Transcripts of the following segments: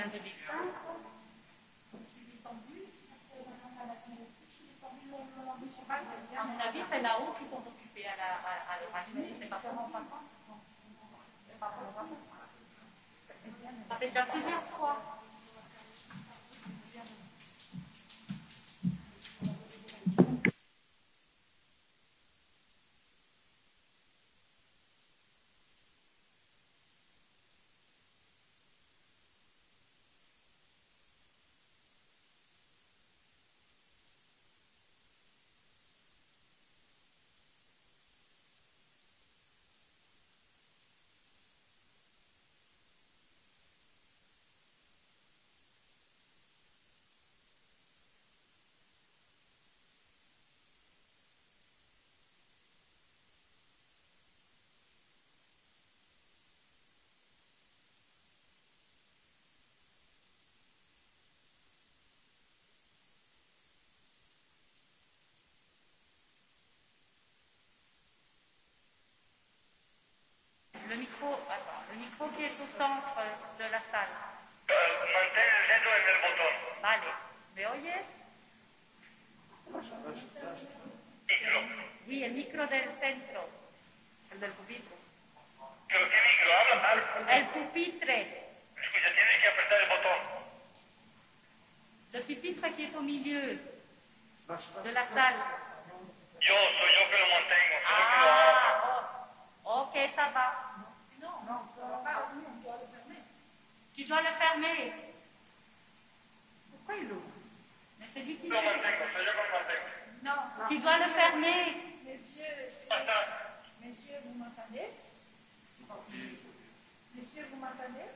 vient de l'État. À mon avis, c'est là-haut qu'ils sont occupés à la, à, la c'est pas Ça fait déjà plusieurs fois. pupitre qui est au milieu de la salle. Yo soy yo que lo mantengo. Ah, oh. ok, ça va. Non, non, ça va pas. On doit le fermer. Tu dois le fermer. Pourquoi il l'ouvre Mais c'est lui qui l'ouvre. mantengo, soy yo que lo mantengo. Non, tu dois le fermer. Messieurs, monsieur, vous m'entendez Monsieur, vous m'entendez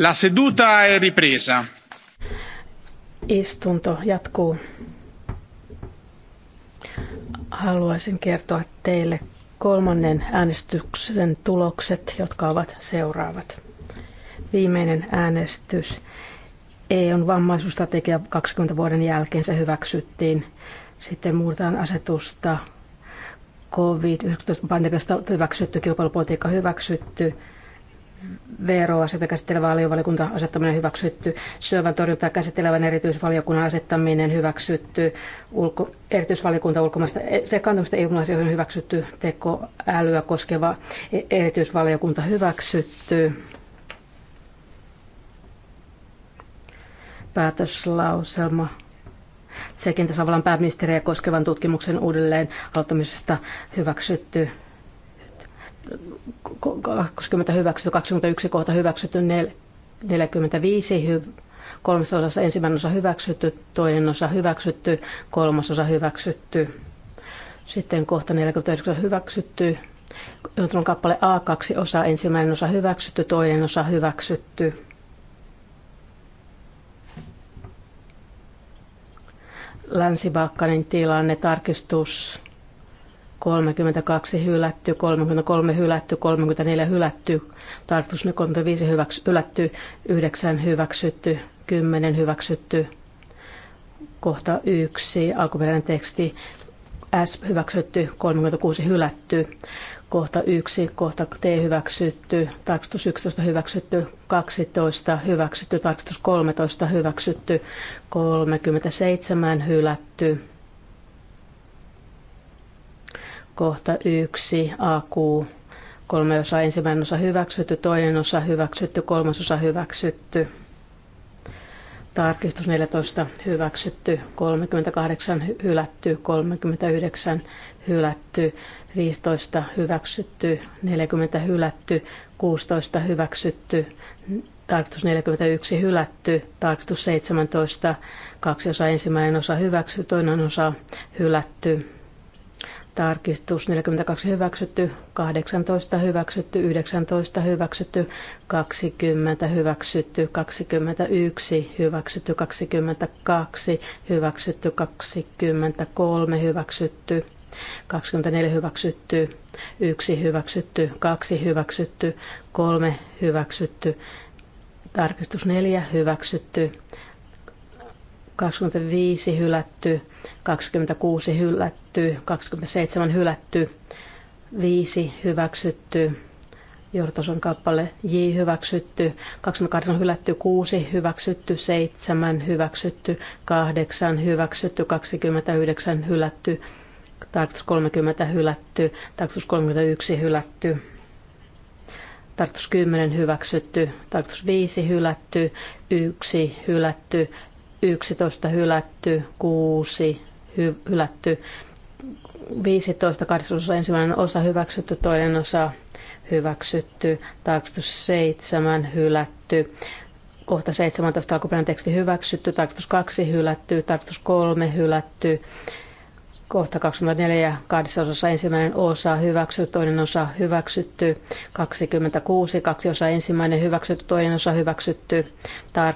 La seduta è ripresa. Istunto jatkuu. Haluaisin kertoa teille kolmannen äänestyksen tulokset, jotka ovat seuraavat. Viimeinen äänestys EUn vammaisuusstrategia 20 vuoden jälkeen se hyväksyttiin. Sitten muutetaan asetusta COVID-19 pandemiasta hyväksytty, kilpailupolitiikka hyväksytty. VRO-asioita käsittelevä aliovaliokunta asettaminen hyväksytty, syövän torjuntaa käsittelevän erityisvaliokunnan asettaminen hyväksytty, ulko, erityisvaliokunta ulkomaista sekaantumista EU-asioihin hyväksytty, tekoälyä koskeva e, erityisvaliokunta hyväksytty, päätöslauselma Tsekin tasavallan pääministeriä koskevan tutkimuksen uudelleen aloittamisesta hyväksytty 20 hyväksytty, 21 kohta hyväksytty, 45 hy- kolmessa osassa ensimmäinen osa hyväksytty, toinen osa hyväksytty, kolmas osa hyväksytty. Sitten kohta 49 hyväksytty, on kappale A2 osa, ensimmäinen osa hyväksytty, toinen osa hyväksytty. Länsi-Balkanin tilanne, tarkistus 32 hylätty, 33 hylätty, 34 hylätty, tarkoitus 35 hyväks, hylätty, 9 hyväksytty, 10 hyväksytty, kohta 1, alkuperäinen teksti, S hyväksytty, 36 hylätty, kohta 1, kohta T hyväksytty, tarkistus 11 hyväksytty, 12 hyväksytty, tarkistus 13 hyväksytty, 37 hylätty, Kohta 1, AQ, kolme osa, ensimmäinen osa hyväksytty, toinen osa hyväksytty, kolmas osa hyväksytty. Tarkistus 14 hyväksytty, 38 hylätty, 39 hylätty, 15 hyväksytty, 40 hylätty, 16 hyväksytty, tarkistus 41 hylätty, tarkistus 17, kaksi osa ensimmäinen osa hyväksytty, toinen osa hylätty, Tarkistus 42 hyväksytty, 18 hyväksytty, 19 hyväksytty, 20 hyväksytty, 21 hyväksytty, 22 hyväksytty, 23 hyväksytty, 24 hyväksytty, 1 hyväksytty, 2 hyväksytty, 3 hyväksytty, tarkistus 4 hyväksytty, 25 hylätty, 26 hylätty, 27 hylätty, 5 hyväksytty, Jortason kappale J hyväksytty, 28 hylätty, 6 hyväksytty, 7 hyväksytty, 8 hyväksytty, 29 hylätty, tarkoitus 30 hylätty, tarkoitus 31 hylätty, Tartus 10 hyväksytty, Tartus 5 hylätty, 1 hylätty, 11 hylätty, 6 hy- hylätty, 15 kahdeksasosa ensimmäinen osa hyväksytty, toinen osa hyväksytty, tarkastus 7 hylätty, kohta 17 alkuperäinen teksti hyväksytty, tarkastus 2 hylätty, tarkastus 3 hylätty, kohta 24 kahdessa osassa ensimmäinen osa hyväksytty, toinen osa hyväksytty, 26 kaksi osa ensimmäinen hyväksytty, toinen osa hyväksytty, tar-